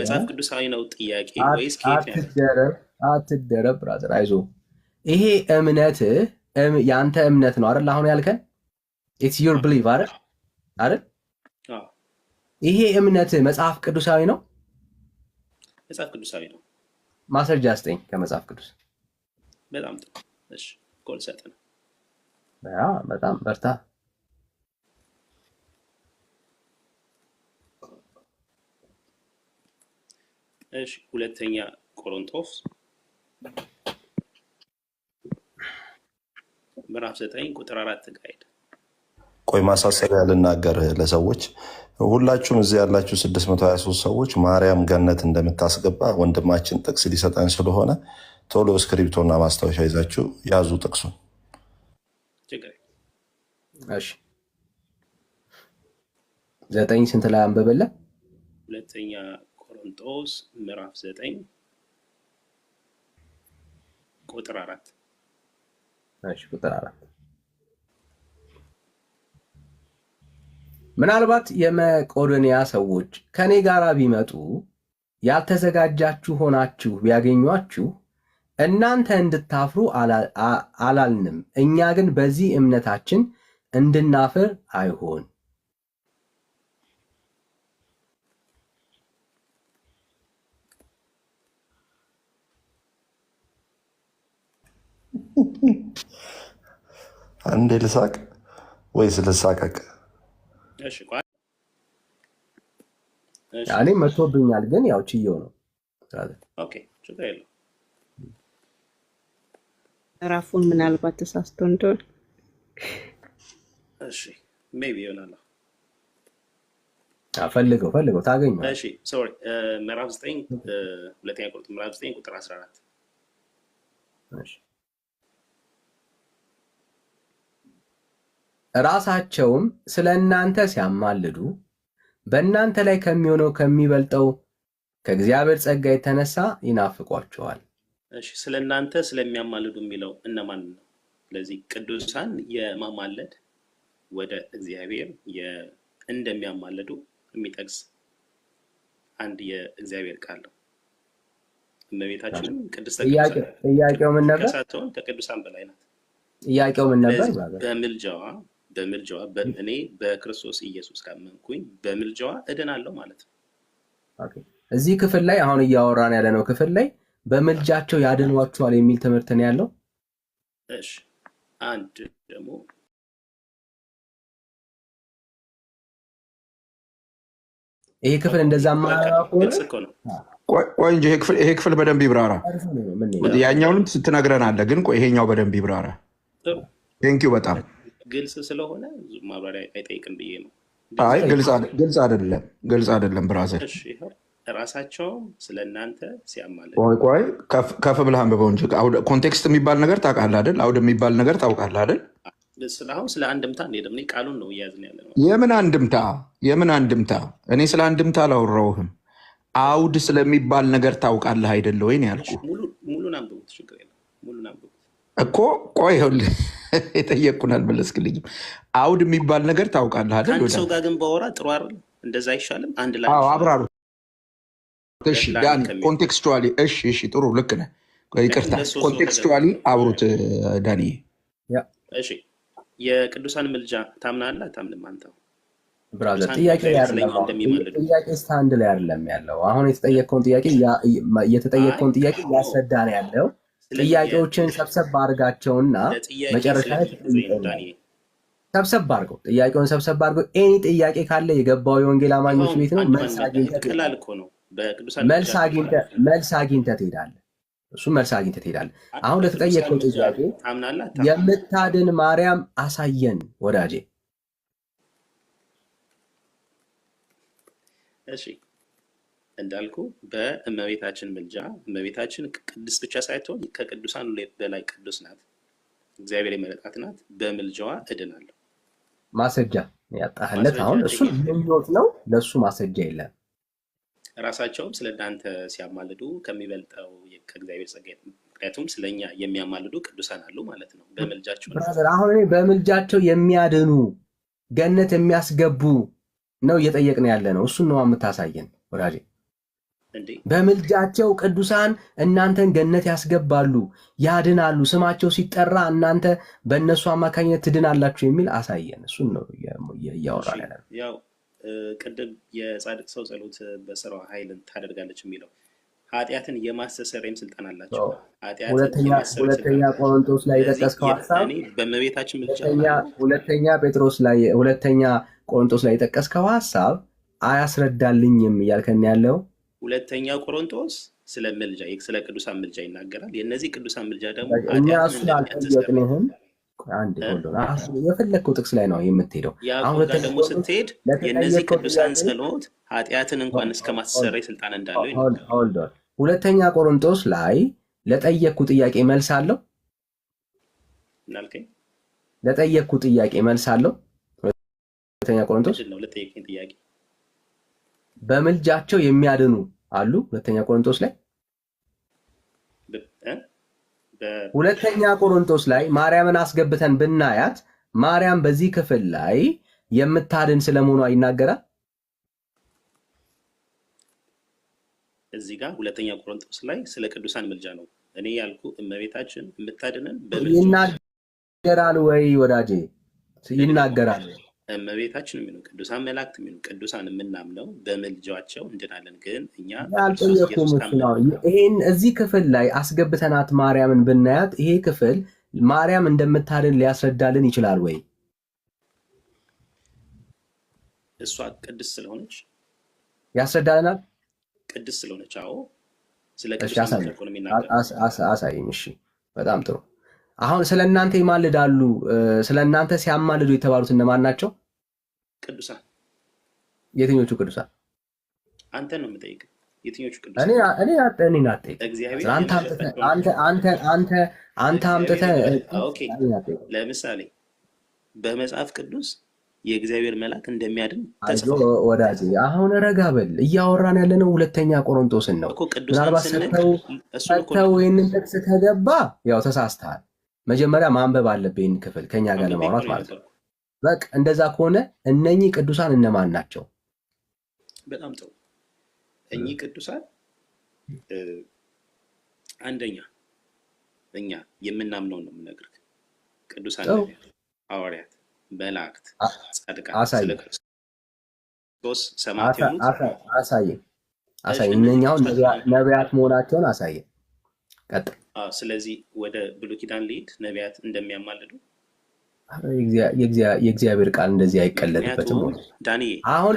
መጽሐፍ ቅዱሳዊ ነው ጥያቄ ወይስ አትደረብ? ብራዘር አይዞ ይሄ እምነት የአንተ እምነት ነው አይደል? አሁን ያልከን ኢትስ ዩር ብሊቭ አይደል? አይደል? ይሄ እምነት መጽሐፍ ቅዱሳዊ ነው? መጽሐፍ ቅዱሳዊ ነው። ማስረጃ ስጠኝ ከመጽሐፍ ቅዱስ። በጣም ጥሩ። እሺ፣ ጎል ሰጠን። በጣም በርታ። እሺ ሁለተኛ ቆሮንቶስ ምዕራፍ ዘጠኝ ቁጥር አራት ጋይድ ቆይ ማሳሰቢያ ልናገር ለሰዎች ሁላችሁም እዚህ ያላችሁ 623 ሰዎች ማርያም ገነት እንደምታስገባ ወንድማችን ጥቅስ ሊሰጠን ስለሆነ ቶሎ እስክሪብቶና ማስታወሻ ይዛችሁ ያዙ ጥቅሱን። ዘጠኝ ስንት ላይ አንበበለ? ሁለተኛ ቆሮንጦስ ምዕራፍ 9 ቁጥር 4 እሺ፣ ቁጥር 4 ምናልባት የመቆዶንያ ሰዎች ከኔ ጋር ቢመጡ ያልተዘጋጃችሁ ሆናችሁ ቢያገኟችሁ እናንተ እንድታፍሩ አላልንም፣ እኛ ግን በዚህ እምነታችን እንድናፍር አይሆን አንዴ ልሳቅ ወይስ ልሳቀቅ? እኔ መቶብኛል፣ ግን ያው ችየው ነው። ራፉን ምናልባት ተሳስቶ እንደሆነ ፈልገው ፈልገው ታገኘው። ምዕራፍ ዘጠኝ ሁለተኛ ቆሮንቶስ ምዕራፍ ዘጠኝ ቁጥር አስራ አራት ራሳቸውም ስለ እናንተ ሲያማልዱ በእናንተ ላይ ከሚሆነው ከሚበልጠው ከእግዚአብሔር ጸጋ የተነሳ ይናፍቋቸዋል። ስለ እናንተ ስለሚያማልዱ የሚለው እነማን ነው? ስለዚህ ቅዱሳን የማማለድ ወደ እግዚአብሔር እንደሚያማልዱ የሚጠቅስ አንድ የእግዚአብሔር ቃል ነው። እመቤታችንም ቅድስተ ቅዱሳን ከቅዱሳን በላይ ናት። ጥያቄው ምን ነበር? በምልጃዋ በምልጃዋ እኔ በክርስቶስ ኢየሱስ ካመንኩኝ በምልጃዋ እድናለሁ ማለት ነው። እዚህ ክፍል ላይ አሁን እያወራን ያለ ነው ክፍል ላይ በምልጃቸው ያድኗቸዋል የሚል ትምህርት ነው ያለው። እሺ አንድ ደግሞ ይሄ ክፍል እንደዛ ቆይ እንጂ ይሄ ክፍል በደንብ ይብራራ። ያኛውንም ስትነግረን አለ ግን ይሄኛው በደንብ ይብራራ። ቴንኪው በጣም ግልጽ ስለሆነ ማብራሪያ አይጠይቅም ብዬ ነው። አይ ግልጽ አይደለም፣ ግልጽ አይደለም ብራዘር። ራሳቸውም ስለ እናንተ ሲያማለን። ቆይ ቆይ ከፍ ብለህ አንብበው እንጂ ኮንቴክስት የሚባል ነገር ታውቃለህ አይደል? አውድ የሚባል ነገር ታውቃለህ አይደል? ስለአሁን ስለ አንድምታ እንሄድም። ቃሉን ነው እያዝን ያለ ነው። የምን አንድምታ? የምን አንድምታ? እኔ ስለ አንድምታ አላወራሁህም። አውድ ስለሚባል ነገር ታውቃለህ አይደለ ወይ ነው ያልኩህ። ሙሉን አንብቡት፣ ችግር የለም። ሙሉን አንብቡት እኮ ቆይ የጠየቅኩን አልመለስክልኝም። አውድ የሚባል ነገር ታውቃለህ አይደል? ከአንድ ሰው ጋር ግን በወራ ጥሩ አይደል? እንደዛ አይሻልም? አንድ ላይ አብራሩ። እሺ ዳኒ ኮንቴክስቹዋሊ። እሺ እሺ፣ ጥሩ ልክ ነህ። ይቅርታ ኮንቴክስቱዋሊ አብሩት ዳኒ። እሺ የቅዱሳን ምልጃ ታምናለህ አታምንም አንተ? ብራዘር ጥያቄ ጥያቄ ስታንድ ላይ አይደለም ያለው። አሁን የተጠየቀውን ጥያቄ እየተጠየቀውን ጥያቄ እያስረዳ ነው ያለው ጥያቄዎችን ሰብሰብ አድርጋቸውና መጨረሻ ሰብሰብ አድርገው ጥያቄውን ሰብሰብ አድርገው ኤኒ ጥያቄ ካለ የገባው የወንጌል አማኞች ቤት ነው። መልስ አግኝተህ ትሄዳለህ። እሱ መልስ አግኝተህ ትሄዳለህ። አሁን ለተጠየቀው ጥያቄ የምታድን ማርያም አሳየን ወዳጄ። እንዳልኩ በእመቤታችን ምልጃ እመቤታችን ቅድስት ብቻ ሳይትሆን ከቅዱሳን በላይ ቅዱስ ናት። እግዚአብሔር የመረጣት ናት። በምልጃዋ እድናለሁ። ማስረጃ ያጣህለት አሁን እሱ ምኞት ነው፣ ለእሱ ማስረጃ የለም። ራሳቸውም ስለ እናንተ ሲያማልዱ ከሚበልጠው ከእግዚአብሔር ጸጋ፣ ምክንያቱም ስለኛ የሚያማልዱ ቅዱሳን አሉ ማለት ነው። በምልጃቸው አሁን በምልጃቸው የሚያድኑ ገነት የሚያስገቡ ነው እየጠየቅን ያለ ነው። እሱን ነው የምታሳየን ወዳጄ። በምልጃቸው ቅዱሳን እናንተን ገነት ያስገባሉ፣ ያድናሉ። ስማቸው ሲጠራ እናንተ በእነሱ አማካኝነት ትድናላችሁ የሚል አሳየን። እሱን ነው እያወራ ያው ቅድም የጻድቅ ሰው ጸሎት በስራዋ ኃይል ታደርጋለች የሚለው ኃጢአትን የማስተሰርም ስልጣን አላቸው። ሁለተኛ ቆሮንቶስ ላይ የጠቀስከው ሀሳብ በመቤታችን ሁለተኛ ጴጥሮስ ላይ ሁለተኛ ቆሮንቶስ ላይ የጠቀስከው ሀሳብ አያስረዳልኝም እያልከን ያለው ሁለተኛ ቆሮንቶስ ስለ ምልጃ ስለ ቅዱሳን ምልጃ ይናገራል። የእነዚህ ቅዱሳን ምልጃ ደግሞ የፈለግከው ጥቅስ ላይ ነው የምትሄደው። ያጋ ደግሞ ስትሄድ የእነዚህ ቅዱሳን ጸሎት ኃጢአትን እንኳን እስከ ማሰራ ስልጣን እንዳለው ይናገራል። ሁለተኛ ቆሮንቶስ ላይ ለጠየቅኩ ጥያቄ መልስ አለው። ምናልከኝ ለጠየቅኩ ጥያቄ መልስ አለው። ሁለተኛ ቆሮንቶስ በምልጃቸው የሚያድኑ አሉ ሁለተኛ ቆሮንቶስ ላይ ሁለተኛ ቆሮንቶስ ላይ ማርያምን አስገብተን ብናያት ማርያም በዚህ ክፍል ላይ የምታድን ስለመሆኗ ይናገራል። እዚህ ጋር ሁለተኛ ቆሮንቶስ ላይ ስለ ቅዱሳን ምልጃ ነው። እኔ ያልኩ እመቤታችን የምታድንን ይናገራል ወይ ወዳጄ? ይናገራል እመቤታችን የሚሉ ቅዱሳን መላእክት የሚሉ ቅዱሳን የምናምነው በምልጃቸው እንድናለን። ግን እኛ አልጠየኩም ነው። ይሄን እዚህ ክፍል ላይ አስገብተናት ማርያምን ብናያት ይሄ ክፍል ማርያም እንደምታድን ሊያስረዳልን ይችላል ወይ? እሷ ቅድስት ስለሆነች ያስረዳልናል። ቅድስት ስለሆነች አዎ፣ ስለ ቅዱሳን አሳይኝ። እሺ፣ በጣም ጥሩ አሁን ስለ እናንተ ይማልዳሉ። ስለ እናንተ ሲያማልዱ የተባሉት እነማን ናቸው? ቅዱሳን። የትኞቹ ቅዱሳን? ነው የምጠይቀው። የትኞቹ ቅዱሳን? አንተ አምጥተህ ለምሳሌ በመጽሐፍ ቅዱስ የእግዚአብሔር መልአክ እንደሚያድን ወዳጅ፣ አሁን ረጋ በል። እያወራን ያለነው ሁለተኛ ቆሮንቶስን ነው። ምናልባት ሰተው ይህንን ጥቅስ ከገባ ያው ተሳስተሃል። መጀመሪያ ማንበብ አለብህ ይህን ክፍል ከኛ ጋር ለማውራት ማለት ነው። በቃ እንደዛ ከሆነ እነኚህ ቅዱሳን እነማን ናቸው? በጣም ጥሩ። እኚህ ቅዱሳን አንደኛ እኛ የምናምነው ነው የምነግርህ። ቅዱሳን ሐዋርያት፣ መላእክት፣ ጻድቃን ስለ እነኛውን ነቢያት መሆናቸውን አሳየን። ቀጥል ስለዚህ ወደ ብሉይ ኪዳን ልሂድ። ነቢያት እንደሚያማልዱ የእግዚአብሔር ቃል እንደዚህ አይቀለድበትም። አሁን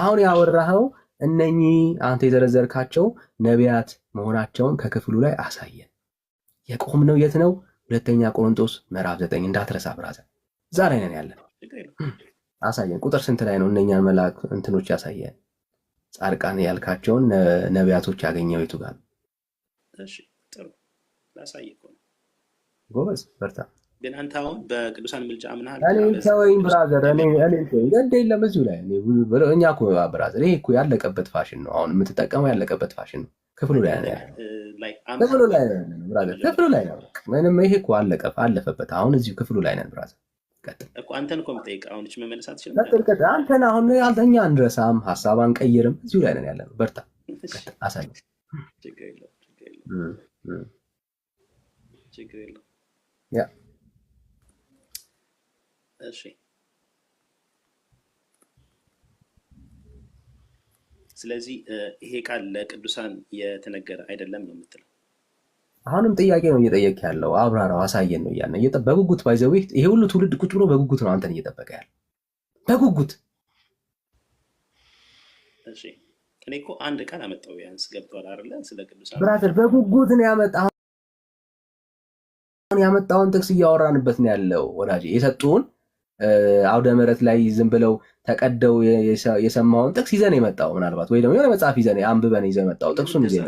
አሁን ያወራኸው እነኚህ አንተ የዘረዘርካቸው ነቢያት መሆናቸውን ከክፍሉ ላይ አሳየን። የቆም ነው የት ነው? ሁለተኛ ቆሮንቶስ ምዕራፍ ዘጠኝ እንዳትረሳ ብራዘ እዛ ላይ ነን ያለን። አሳየን። ቁጥር ስንት ላይ ነው? እነኛን መላክ እንትኖች ያሳየን ጻድቃን ያልካቸውን ነቢያቶች ያገኘው የቱ ጋር ጎበዝ? በርታ። ግን አንተ አሁን በቅዱሳን ምልጃ ምናል ተወይም ብራዘር፣ የለም እዚሁ ላይ እኛ ብራዘር፣ ይሄ እኮ ያለቀበት ፋሽን ነው። አሁን የምትጠቀመው ያለቀበት ፋሽን ነው። ክፍሉ ላይ ነው ያለው፣ ክፍሉ ላይ ነው። ምንም ይሄ እኮ አለቀ፣ አለፈበት። አሁን እዚሁ ክፍሉ ላይ ነን ብራዘር አንተን አንተን አሁን ያልተኛ አንድረሳም፣ ሀሳብ አንቀይርም። እዚሁ ላይ ነን ያለ ነው። በርታ አሳየ ስለዚህ ይሄ ቃል ለቅዱሳን የተነገረ አይደለም ነው የምትለው? አሁንም ጥያቄ ነው እየጠየቅ ያለው አብራራው አሳየን ነው እያለ በጉጉት ባይዘው ይሄ ሁሉ ትውልድ ቁጭ ብሎ በጉጉት ነው አንተን እየጠበቀ ያለ በጉጉት እኔ እኮ አንድ ቃል አመጣው ቢያንስ ገብቷል አይደለ? ስለ ቅዱሳን ብራዘር በጉጉት ነው ያመጣሁን ያመጣውን ጥቅስ እያወራንበት ነው ያለው ወዳጅ የሰጡን አውደ ምሕረት ላይ ዝም ብለው ተቀደው የሰማውን ጥቅስ ይዘን የመጣው ምናልባት ወይ ደግሞ የሆነ መጽሐፍ ይዘን አንብበን ይዘን የመጣው ጥቅሱን ይዘን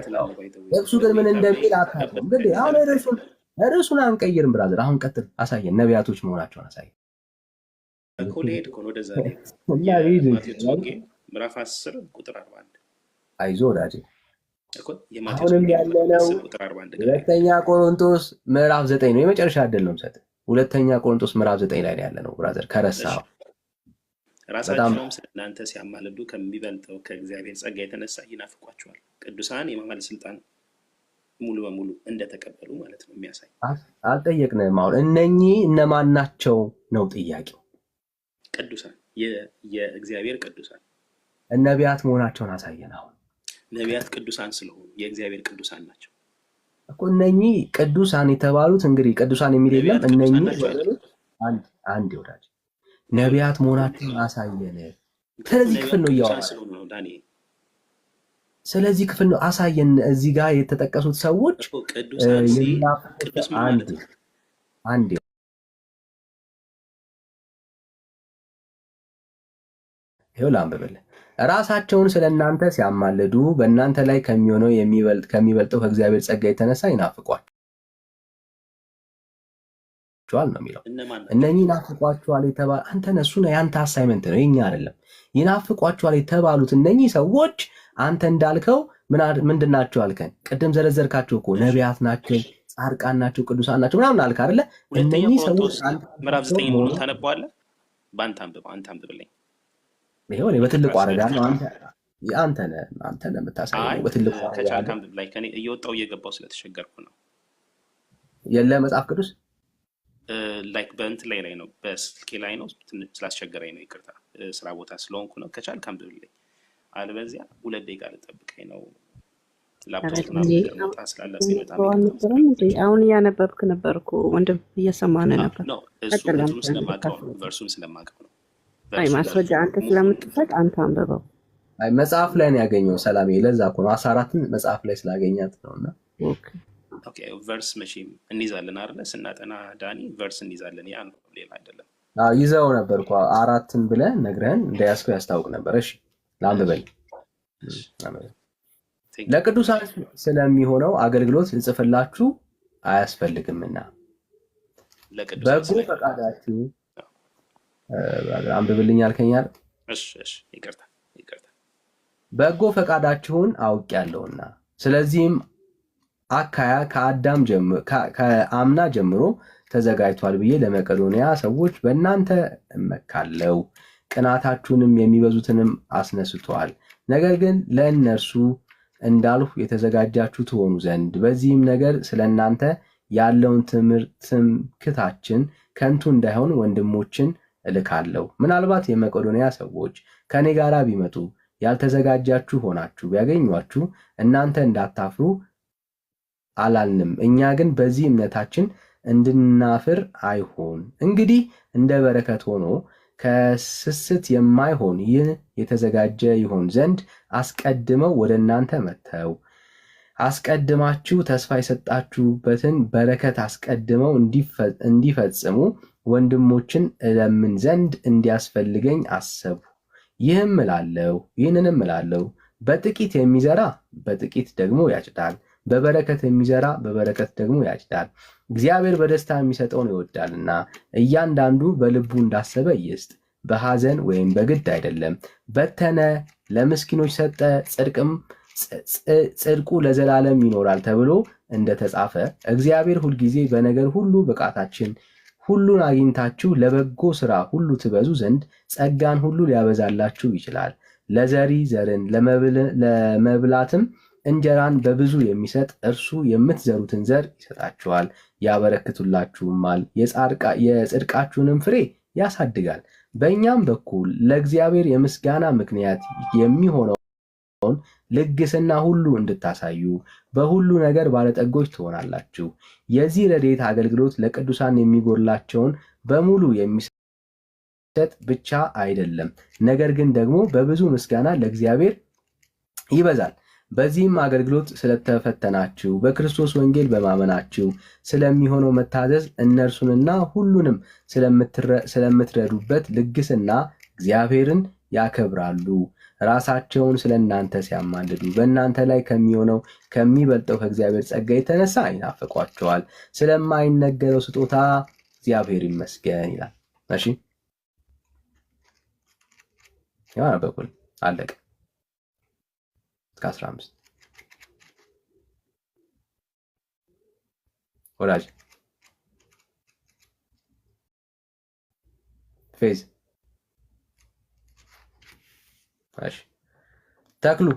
ጥቅሱ ግን ምን እንደሚል አታውቅም። እንግዲህ አሁን ርዕሱን ርዕሱን አንቀይርም። ብራዘር አሁን ቀጥል፣ አሳየን። ነቢያቶች መሆናቸውን አሳየን። ኮሌድ ወደዛ ምዕራፍ አስር ቁጥር አርባ አንድ አይዞህ ወዳጄ አሁንም ያለነው ሁለተኛ ቆሮንቶስ ምዕራፍ ዘጠኝ ነው። የመጨረሻ ዕድል ነው የምሰጥህ ሁለተኛ ቆሮንቶስ ምዕራፍ ዘጠኝ ላይ ያለ ነው ብራዘር ከረሳ ራሳቸውም ስለእናንተ ሲያማልዱ ከሚበልጠው ከእግዚአብሔር ጸጋ የተነሳ ይናፍቋቸዋል። ቅዱሳን የማማል ስልጣን ሙሉ በሙሉ እንደተቀበሉ ማለት ነው የሚያሳይ አልጠየቅንም። አሁን እነኚህ እነማን ናቸው ነው ጥያቄው። ቅዱሳን የእግዚአብሔር ቅዱሳን ነቢያት መሆናቸውን አሳየን። አሁን ነቢያት ቅዱሳን ስለሆኑ የእግዚአብሔር ቅዱሳን ናቸው። እኮ እነኚህ ቅዱሳን የተባሉት እንግዲህ ቅዱሳን የሚል የለም። እነኚህ አንድ ይወዳጅ ነቢያት መሆናቸውን አሳየን። ስለዚህ ክፍል ነው እያወራ ስለዚህ ክፍል ነው አሳየን። እዚህ ጋር የተጠቀሱት ሰዎች አንድ ይኸው ላንብብልህ ራሳቸውን ስለ እናንተ ሲያማልዱ በእናንተ ላይ ከሚሆነው ከሚበልጠው ከእግዚአብሔር ጸጋ የተነሳ ይናፍቋቸዋል ነው የሚለው። እነኚህ ይናፍቋቸዋል የተባሉ አንተ ነሱ ነው የአንተ አሳይመንት ነው የኛ አይደለም። ይናፍቋቸዋል የተባሉት እነኚህ ሰዎች አንተ እንዳልከው ምንድን ናቸው አልከን? ቅድም ዘረዘርካቸው እኮ ነቢያት ናቸው፣ ጻድቃን ናቸው፣ ቅዱሳን ናቸው ምናምን አልክ አይደለ? እነኚህ ሰዎች ምዕራፍ ዘጠኝ መሆኑን ታነበዋለህ። በአንተ አንብበው አንተ አንብብልኝ ይሄው እኔ በትልቁ አረዳ አንተ አንተ የምታሳየው በትልቁ ከእኔ እየወጣው እየገባው ስለተሸገርኩ ነው። የለ መጽሐፍ ቅዱስ ላይክ በእንት ላይ ላይ ነው በስልኬ ላይ ነው። ትንሽ ስላስቸገረኝ ነው ይቅርታ። ስራ ቦታ ስለሆንኩ ነው። ከቻልክ አምብብልኝ፣ አለበዚያ ሁለት ደቂቃ ልጠብቀኝ ነው። ላፕቶፕ አሁን እያነበብክ ነበርኩ ወንድም፣ እየሰማን ነበር። እሱ ስለማቀው ነው ቨርሱን ስለማቀው ነው አይ ማስረጃ አንተ ስለምትፈቅ አንተ አንብበው። አይ መጽሐፍ ላይ ነው ያገኘው ሰላሜ። ለዛ እኮ ነው አስራ አራትን መጽሐፍ ላይ ስላገኛት ነው። እና ቨርስ መቼም እንይዛለን አለ ስናጠና ዳኒ ቨርስ እንይዛለን። ያ ነው ሌላ አይደለም። ይዘው ነበር እኮ አራትን ብለህ ነግረህን እንደያዝከው ያስታውቅ ነበር። እሺ ለአንብበል ለቅዱሳን ስለሚሆነው አገልግሎት ልጽፍላችሁ አያስፈልግምና በጎ ፈቃዳችሁ አንብብልኝ አልከኛል። በጎ ፈቃዳችሁን ያለውና ስለዚህም አካያ ከአምና ጀምሮ ተዘጋጅቷል ብዬ ለመቄዶንያ ሰዎች በእናንተ እመካለው። ቅናታችሁንም የሚበዙትንም አስነስቷል ነገር ግን ለእነርሱ እንዳልሁ የተዘጋጃችሁ ትሆኑ ዘንድ በዚህም ነገር ስለ እናንተ ያለውን ትምህርት ትምክታችን ከንቱ እንዳይሆን ወንድሞችን እልካለሁ። ምናልባት የመቄዶንያ ሰዎች ከእኔ ጋር ቢመጡ ያልተዘጋጃችሁ ሆናችሁ ቢያገኟችሁ እናንተ እንዳታፍሩ አላልንም። እኛ ግን በዚህ እምነታችን እንድናፍር አይሆን። እንግዲህ እንደ በረከት ሆኖ ከስስት የማይሆን ይህ የተዘጋጀ ይሆን ዘንድ አስቀድመው ወደ እናንተ መጥተው አስቀድማችሁ ተስፋ የሰጣችሁበትን በረከት አስቀድመው እንዲፈጽሙ ወንድሞችን እለምን ዘንድ እንዲያስፈልገኝ አሰቡ ይህም እላለሁ ይህንንም እላለሁ በጥቂት የሚዘራ በጥቂት ደግሞ ያጭዳል፣ በበረከት የሚዘራ በበረከት ደግሞ ያጭዳል። እግዚአብሔር በደስታ የሚሰጠውን ይወዳልና። እያንዳንዱ በልቡ እንዳሰበ ይስጥ፣ በሐዘን ወይም በግድ አይደለም። በተነ፣ ለምስኪኖች ሰጠ፣ ጽድቅም ጽድቁ ለዘላለም ይኖራል ተብሎ እንደተጻፈ እግዚአብሔር ሁልጊዜ በነገር ሁሉ ብቃታችን ሁሉን አግኝታችሁ ለበጎ ስራ ሁሉ ትበዙ ዘንድ ጸጋን ሁሉ ሊያበዛላችሁ ይችላል። ለዘሪ ዘርን ለመብላትም እንጀራን በብዙ የሚሰጥ እርሱ የምትዘሩትን ዘር ይሰጣችኋል፣ ያበረክቱላችሁማል፣ የጽድቃችሁንም ፍሬ ያሳድጋል። በእኛም በኩል ለእግዚአብሔር የምስጋና ምክንያት የሚሆነው የሚሆን ልግስና ሁሉ እንድታሳዩ በሁሉ ነገር ባለጠጎች ትሆናላችሁ። የዚህ ረድኤት አገልግሎት ለቅዱሳን የሚጎድላቸውን በሙሉ የሚሰጥ ብቻ አይደለም፣ ነገር ግን ደግሞ በብዙ ምስጋና ለእግዚአብሔር ይበዛል። በዚህም አገልግሎት ስለተፈተናችሁ በክርስቶስ ወንጌል በማመናችሁ ስለሚሆነው መታዘዝ እነርሱንና ሁሉንም ስለምትረዱበት ልግስና እግዚአብሔርን ያከብራሉ። ራሳቸውን ስለ እናንተ ሲያማልዱ በእናንተ ላይ ከሚሆነው ከሚበልጠው ከእግዚአብሔር ጸጋ የተነሳ ይናፍቋቸዋል። ስለማይነገረው ስጦታ እግዚአብሔር ይመስገን ይላል። እሺ ያው በኩል አለቀ እስከ 15 ወዳጅ ፌዝ እሺ ተክሉ።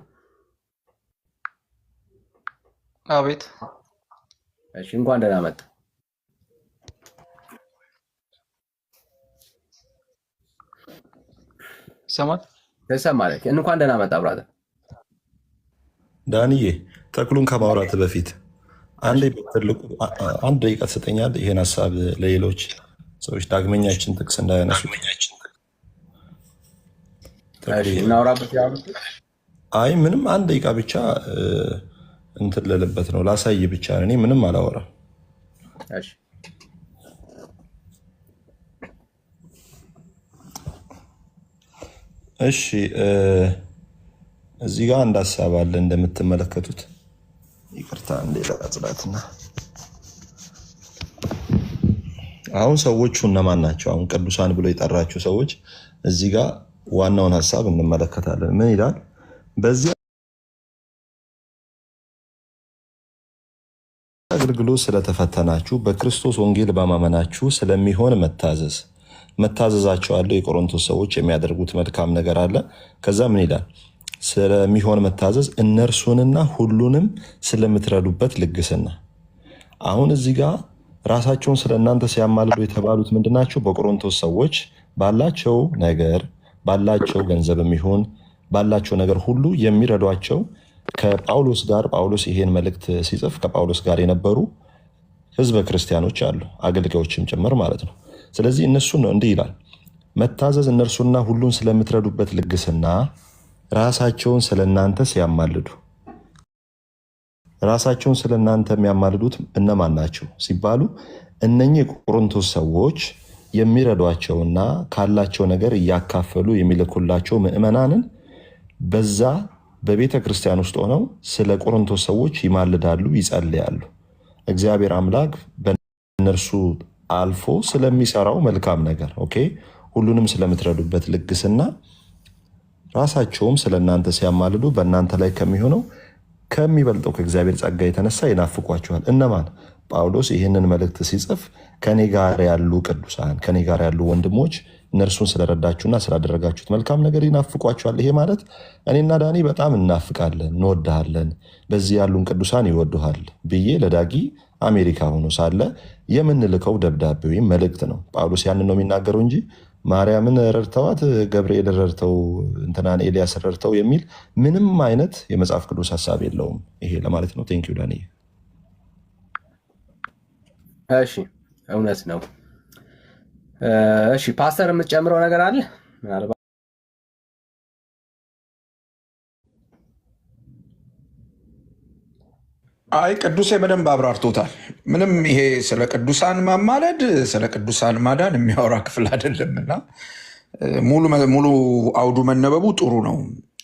አቤት። እሺ እንኳን ደህና መጣ። ይሰማል? ይሰማል። እንኳን ደህና መጣ ብራዘር። ዳንዬ ተክሉን ከማውራት በፊት አንድ በትልቁ አንድ ደቂቃ ትሰጠኛለህ? ይሄን ሀሳብ ለሌሎች ሰዎች ዳግመኛችን ጥቅስ እንዳያነሱ አይ ምንም አንድ ደቂቃ ብቻ እንትን ልልበት ነው ላሳይ ብቻ እኔ ምንም አላወራም። እሺ እዚህ ጋር አንድ ሀሳብ አለ እንደምትመለከቱት። ይቅርታ እንዴ ለቀጽላትና አሁን ሰዎቹ እነማን ናቸው? አሁን ቅዱሳን ብሎ የጠራቸው ሰዎች እዚህ ጋር ዋናውን ሀሳብ እንመለከታለን። ምን ይላል በዚያ አገልግሎት ስለተፈተናችሁ በክርስቶስ ወንጌል በማመናችሁ ስለሚሆን መታዘዝ መታዘዛቸው አለው የቆሮንቶስ ሰዎች የሚያደርጉት መልካም ነገር አለ። ከዛ ምን ይላል ስለሚሆን መታዘዝ እነርሱንና ሁሉንም ስለምትረዱበት ልግስና። አሁን እዚህ ጋር ራሳቸውን ስለ እናንተ ሲያማልዱ የተባሉት ምንድናቸው? በቆሮንቶስ ሰዎች ባላቸው ነገር ባላቸው ገንዘብ የሚሆን ባላቸው ነገር ሁሉ የሚረዷቸው ከጳውሎስ ጋር ጳውሎስ ይሄን መልእክት ሲጽፍ ከጳውሎስ ጋር የነበሩ ህዝበ ክርስቲያኖች አሉ፣ አገልጋዮችም ጭምር ማለት ነው። ስለዚህ እነሱ ነው እንዲህ ይላል፣ መታዘዝ እነርሱና ሁሉን ስለምትረዱበት ልግስና ራሳቸውን ስለ እናንተ ሲያማልዱ። ራሳቸውን ስለ እናንተ የሚያማልዱት እነማን ናቸው ሲባሉ እነኚህ የቆሮንቶስ ሰዎች የሚረዷቸውና ካላቸው ነገር እያካፈሉ የሚልኩላቸው ምዕመናንን በዛ በቤተ ክርስቲያን ውስጥ ሆነው ስለ ቆሮንቶስ ሰዎች ይማልዳሉ፣ ይጸልያሉ። እግዚአብሔር አምላክ በእነርሱ አልፎ ስለሚሰራው መልካም ነገር ኦኬ፣ ሁሉንም ስለምትረዱበት ልግስና ራሳቸውም ስለ እናንተ ሲያማልዱ በእናንተ ላይ ከሚሆነው ከሚበልጠው ከእግዚአብሔር ጸጋ የተነሳ ይናፍቋቸዋል። እነማን? ጳውሎስ ይህንን መልእክት ሲጽፍ ከኔ ጋር ያሉ ቅዱሳን ከኔ ጋር ያሉ ወንድሞች እነርሱን ስለረዳችሁና ስላደረጋችሁት መልካም ነገር ይናፍቋችኋል። ይሄ ማለት እኔና ዳኒ በጣም እናፍቃለን፣ እንወድሃለን፣ በዚህ ያሉን ቅዱሳን ይወዱሃል ብዬ ለዳጊ አሜሪካ ሆኖ ሳለ የምንልከው ደብዳቤ ወይም መልእክት ነው። ጳውሎስ ያንን ነው የሚናገረው እንጂ ማርያምን ረድተዋት ገብርኤል ረድተው እንትናን ኤልያስ ረድተው የሚል ምንም አይነት የመጽሐፍ ቅዱስ ሀሳብ የለውም። ይሄ ለማለት ነው። ቴንኪው ዳኒ። እሺ እውነት ነው። እሺ ፓስተር የምትጨምረው ነገር አለ? ምናልባት አይ ቅዱሴ በደንብ አብራርቶታል። ምንም ይሄ ስለ ቅዱሳን ማማለድ ስለ ቅዱሳን ማዳን የሚያወራ ክፍል አይደለም እና ሙሉ አውዱ መነበቡ ጥሩ ነው።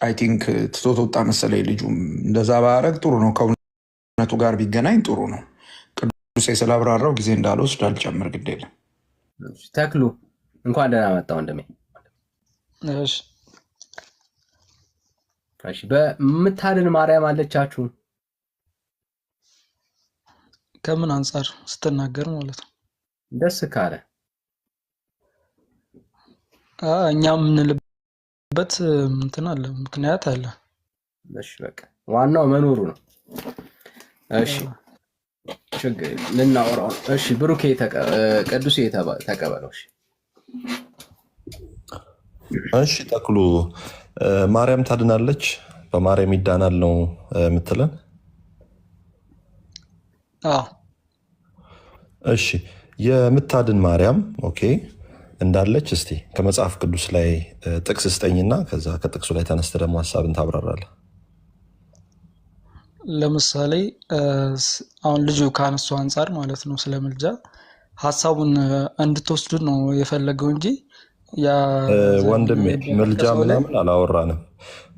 አይ ቲንክ ትቶት ወጣ መሰለኝ ልጁም እንደዛ ባረግ ጥሩ ነው። ከእውነቱ ጋር ቢገናኝ ጥሩ ነው። ሙሴ ስላብራራው ጊዜ እንዳልወስድ አልጨምር ግድ የለም። ተክሉ እንኳን ደህና መጣ ወንድሜ። በምታድን ማርያም አለቻችሁ ከምን አንጻር ስትናገር ማለት ነው? ደስ ካለ እኛ የምንልበት እንትን አለ፣ ምክንያት አለ። በቃ ዋናው መኖሩ ነው። እሺ ልናወራው ነው። እሺ ብሩኬ ቅዱስ ተቀበለው። እሺ ተክሉ ማርያም ታድናለች በማርያም ይዳናል ነው የምትለን? እሺ የምታድን ማርያም ኦኬ እንዳለች እስቲ ከመጽሐፍ ቅዱስ ላይ ጥቅስ ስጠኝና ከዛ ከጥቅሱ ላይ ተነስተ ደግሞ ሀሳብን ታብራራለህ። ለምሳሌ አሁን ልጁ ከአነሱ አንጻር ማለት ነው ስለ ምልጃ ሀሳቡን እንድትወስዱ ነው የፈለገው እንጂ ወንድሜ ምልጃ ምናምን አላወራንም።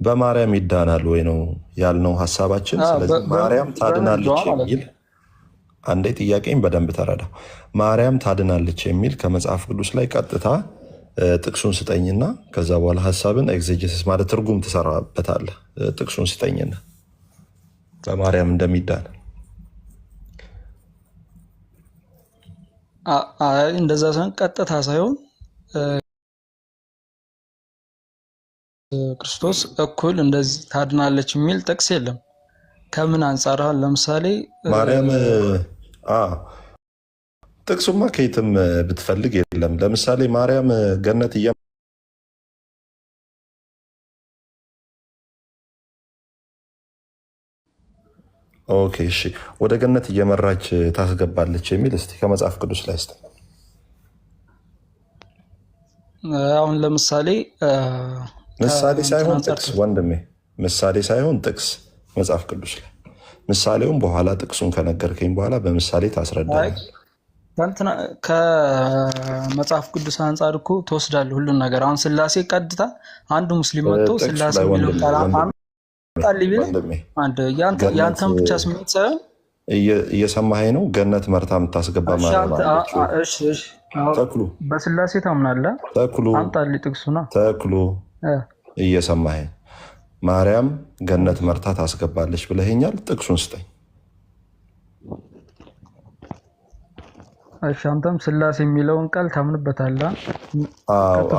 በማርያም ይዳናል ወይ ነው ያልነው ሀሳባችን። ስለዚህ ማርያም ታድናለች የሚል አንዴ ጥያቄኝ በደንብ ተረዳ። ማርያም ታድናለች የሚል ከመጽሐፍ ቅዱስ ላይ ቀጥታ ጥቅሱን ስጠኝና ከዛ በኋላ ሀሳብን ኤግዜጀሲስ ማለት ትርጉም ትሰራበታለህ። ጥቅሱን ስጠኝና በማርያም እንደሚዳን እንደዛ ሳይሆን ቀጥታ ሳይሆን ክርስቶስ እኩል እንደዚህ ታድናለች የሚል ጥቅስ የለም። ከምን አንጻር ለምሳሌ ማርያም ጥቅሱማ ከየትም ብትፈልግ የለም። ለምሳሌ ማርያም ገነት እያ ኦኬ እሺ፣ ወደ ገነት እየመራች ታስገባለች የሚል እስቲ ከመጽሐፍ ቅዱስ ላይ ስ አሁን ለምሳሌ ምሳሌ ሳይሆን ጥቅስ ወንድሜ፣ ምሳሌ ሳይሆን ጥቅስ መጽሐፍ ቅዱስ ላይ ምሳሌውም በኋላ ጥቅሱን ከነገርከኝ በኋላ በምሳሌ ታስረዳለህ። ከመጽሐፍ ቅዱስ አንጻር እኮ ትወስዳለህ ሁሉን ነገር። አሁን ስላሴ ቀጥታ አንዱ ሙስሊም መጥቶ ስላሴ የአንተን ብቻ ስሜት ሳይሆን እየሰማኸኝ ነው። ገነት መርታ የምታስገባ በስላሴ ታምናለህ? አምጣልኝ ጥቅሱና ተክሉ እየሰማኸኝ ማርያም ገነት መርታ ታስገባለች ብለኸኛል። ጥቅሱን ስጠኝ። እሺ አንተም ስላሴ የሚለውን ቃል ታምንበታለህ።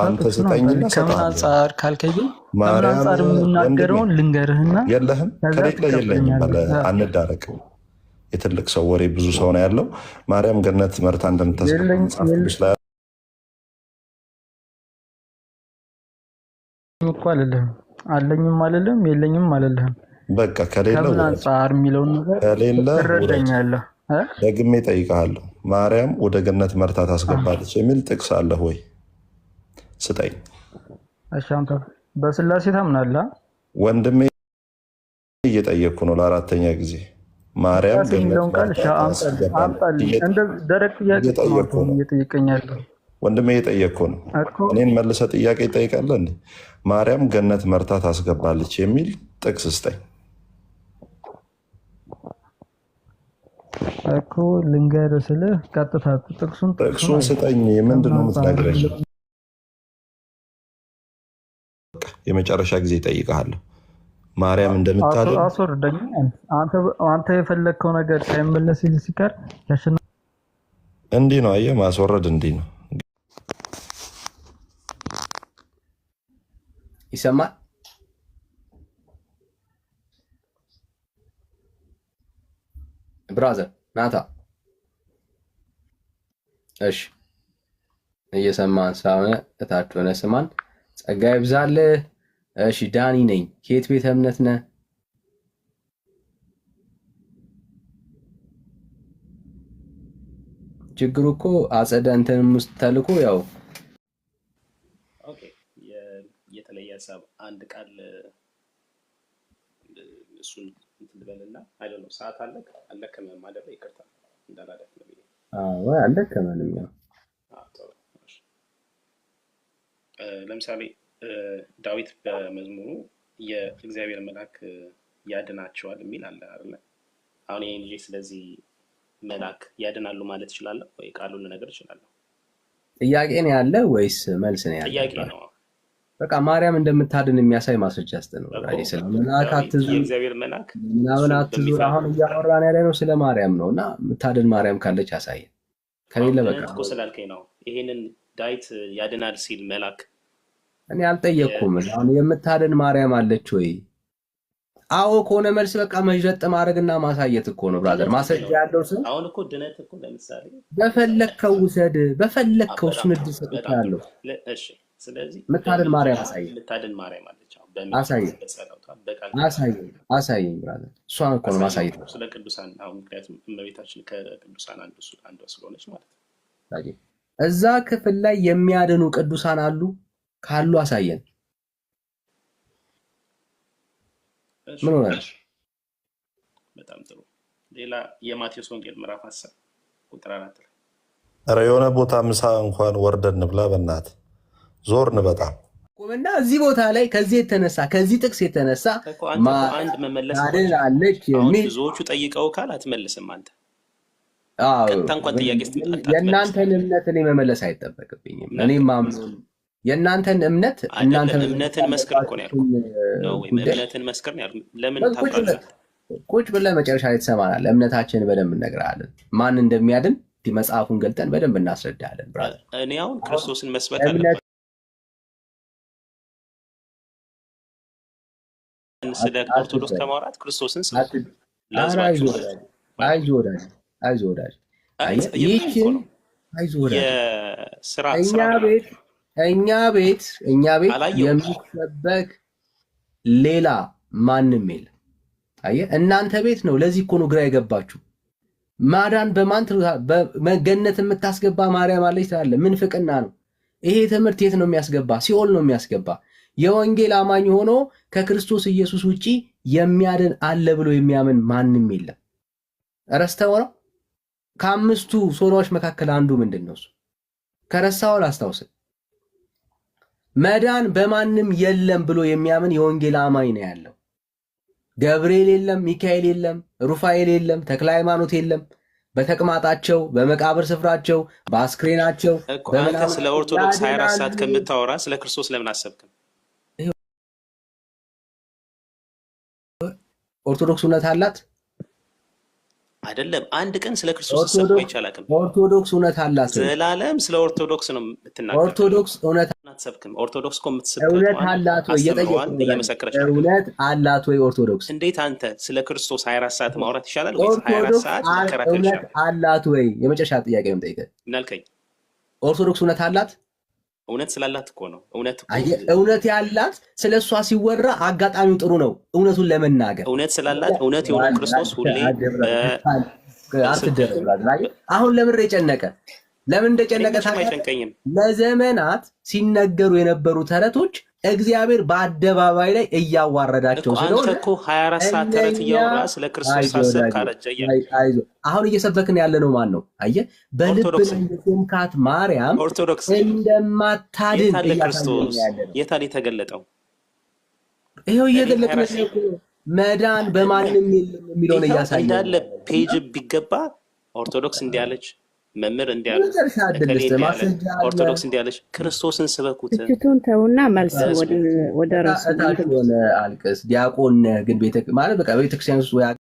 አንተ ስጠኝና ከምን አንጻር ካልከኝ ከምን የምናገረውን ልንገርህና የለህም ከሌት ላይ የለኝም አንዳረቅም። የትልቅ ሰው ወሬ ብዙ ሰው ነው ያለው። ማርያም ገነት መርታ እንደምታስላ እኮ አልልህም። አለኝም አልልህም፣ የለኝም አልልህም። በቃ ከሌለ ከምን አንጻር የሚለውን ነገር ትረዳኛለህ። ደግሜ ጠይቀሃለሁ ማርያም ወደ ገነት መርታ ታስገባለች የሚል ጥቅስ አለ ወይ? ስጠኝ። በስላሴ ታምናለህ ወንድሜ? እየጠየቅኩ ነው ለአራተኛ ጊዜ። ማርያም ወንድሜ እየጠየቅኩ ነው። እኔን መልሰ ጥያቄ ይጠይቃለ ማርያም ገነት መርታ ታስገባለች የሚል ጥቅስ ስጠኝ። እኮ ልንገርህ ስልህ ቀጥታ ጥቅሱን ጥቅሱን ስጠኝ። ምንድን ነው የምትናገረኝ? የመጨረሻ ጊዜ ይጠይቀሃለሁ። ማርያም እንደምታደርግ አስወርደኝ። አንተ የፈለግከው ነገር ሳይመለስ ሲቀር ያሸና እንዲህ ነው። አየህ፣ ማስወረድ እንዲህ ነው። ይሰማል ብራዘር ናታ እሺ እየሰማን ሳሆነ እታች ሆነ ስማን። ጸጋ ይብዛልህ። እሺ ዳኒ ነኝ። ከየት ቤተ እምነት ነህ? ችግሩ እኮ አጸደ እንትን ውስጥ ተልኮ ያው የተለየ ሰብ አንድ ቃል እሱን እንትን ልበልና አይደ ነው ሰዓት አለ አልለከመም አይደለ? ይቅርታ እንዳላደፍ ነው አልለከመንም። ያው ለምሳሌ ዳዊት በመዝሙሩ የእግዚአብሔር መልአክ ያድናቸዋል የሚል አለ አለ። አሁን ይህን ልጅ ስለዚህ መልአክ ያድናሉ ማለት እችላለሁ ወይ? ቃሉን ነገር እችላለሁ። ጥያቄ ነው ያለ ወይስ መልስ ነው ያለ? ጥያቄ ነው በቃ ማርያም እንደምታድን የሚያሳይ ማስረጃ ስጥ ነው። ስለመልአክ አትዙ ምናምን አትዙ። አሁን እያወራን ያለ ነው ስለ ማርያም ነው። እና የምታድን ማርያም ካለች ያሳየን። ከሌለ በቃ ስላልከኝ ነው። ይሄንን ዳዊት ያድናል ሲል መልአክ እኔ አልጠየቅኩም። አሁን የምታድን ማርያም አለች ወይ? አዎ ከሆነ መልስ በቃ መዥረጥ ማድረግና ማሳየት እኮ ነው ብራዘር። ማስረጃ ያለው ሰው አሁን እኮ ድነት እኮ ለምሳሌ በፈለግከው ውሰድ፣ በፈለግከው እሱን እድል ሰጥቻለሁ። እሺ ስለዚህ የምታድን ማርያም አሳየኝ፣ የምታድን ማርያም አለች። እኮ ነው ማሳየት ነው ስለ ቅዱሳን። አሁን ምክንያቱም እመቤታችን ከቅዱሳን አንዱ አንዷ ስለሆነች ማለት ነው። እዛ ክፍል ላይ የሚያድኑ ቅዱሳን አሉ ካሉ አሳየን። ምን ሆነሽ? በጣም ጥሩ። ሌላ የማቴዎስ ወንጌል ምዕራፍ አስር ቁጥር አራት ላይ ኧረ የሆነ ቦታ ምሳ እንኳን ወርደን ብላ በእናትህ ዞር በጣም ቁምና እዚህ ቦታ ላይ ከዚህ የተነሳ ከዚህ ጥቅስ የተነሳ አንድ መመለስ አለች የሚል ብዙዎቹ ጠይቀው ካል አትመልስም አንተ የእናንተን እምነት እኔ መመለስ አይጠበቅብኝም። እኔ ማምኑን የእናንተን እምነት እናንተን እምነትን መስክር እኮ እምነትን መስክር ነው ብለህ መጨረሻ ላይ ትሰማናለህ። እምነታችንን በደንብ እነግርሃለን። ማን እንደሚያድን መጽሐፉን ገልጠን በደንብ እናስረዳለን። ብራዘር እኔ አሁን ክርስቶስን መስበት አለባቸው። ስለ ኦርቶዶክስ ከማውራት ክርስቶስን እኛ ቤት እኛ ቤት የሚሰበክ ሌላ ማንም የለም። አየህ፣ እናንተ ቤት ነው። ለዚህ እኮ ነው ግራ የገባችሁ። ማዳን በማን ገነት የምታስገባ ማርያም አለች ትላለህ። ምን ፍቅና ነው ይሄ ትምህርት? የት ነው የሚያስገባ? ሲኦል ነው የሚያስገባ። የወንጌል አማኝ ሆኖ ከክርስቶስ ኢየሱስ ውጪ የሚያድን አለ ብሎ የሚያምን ማንም የለም። ረስተው ነው። ከአምስቱ ሶሮዎች መካከል አንዱ ምንድን ነው? ከረሳው ላስታውስን። መዳን በማንም የለም ብሎ የሚያምን የወንጌል አማኝ ነው ያለው። ገብርኤል የለም፣ ሚካኤል የለም፣ ሩፋኤል የለም፣ ተክለ ሃይማኖት የለም። በተቅማጣቸው በመቃብር ስፍራቸው በአስክሬናቸው። ስለ ኦርቶዶክስ 24 ሰዓት ከምታወራ ስለ ክርስቶስ ለምን አሰብክም? ኦርቶዶክስ እውነት አላት አይደለም። አንድ ቀን ስለ ክርስቶስ ተሰብኮ ይቻላል። ኦርቶዶክስ እውነት አላት። ዘላለም ስለ ኦርቶዶክስ ነው የምትናገር። ኦርቶዶክስ እውነት አትሰብክም። ኦርቶዶክስ እኮ የምትስብ እውነት አላት ወይ? እየመሰከረች እውነት አላት ወይ? ኦርቶዶክስ እንዴት አንተ ስለ ክርስቶስ 24 ሰዓት ማውራት ይሻላል ወይስ 24 ሰዓት እውነት አላት ወይ? የመጨረሻ ጥያቄ ነው የምጠይቀህ። ምን አልከኝ? ኦርቶዶክስ እውነት አላት እውነት ስላላት እኮ ነው። እውነት እውነት ያላት ስለ እሷ ሲወራ አጋጣሚው ጥሩ ነው፣ እውነቱን ለመናገር እውነት ስላላት እውነት የሆነ ክርስቶስ ሁሌ አሁን ለምር የጨነቀ ለምን እንደጨነቀ ለዘመናት ሲነገሩ የነበሩ ተረቶች እግዚአብሔር በአደባባይ ላይ እያዋረዳቸው ስለሆነ አሁን እየሰበክን ያለ ነው። ማን ነው? አየህ፣ በልብ የሰምካት ማርያም እንደማታድን የታል የተገለጠው ይኸው እየገለጥነት መዳን በማንም የለም የሚለውን እያሳየ እንዳለ ፔጅ ቢገባ ኦርቶዶክስ እንዲያለች መምህር እንዲያለሽ ኦርቶዶክስ እንዲያለሽ ክርስቶስን ስበኩት። ትችቱን ተውና መልስ ወደ ራሱ ሆነ አልቅስ ዲያቆን ግን ማለት በቃ ቤተክርስቲያን ውስጥ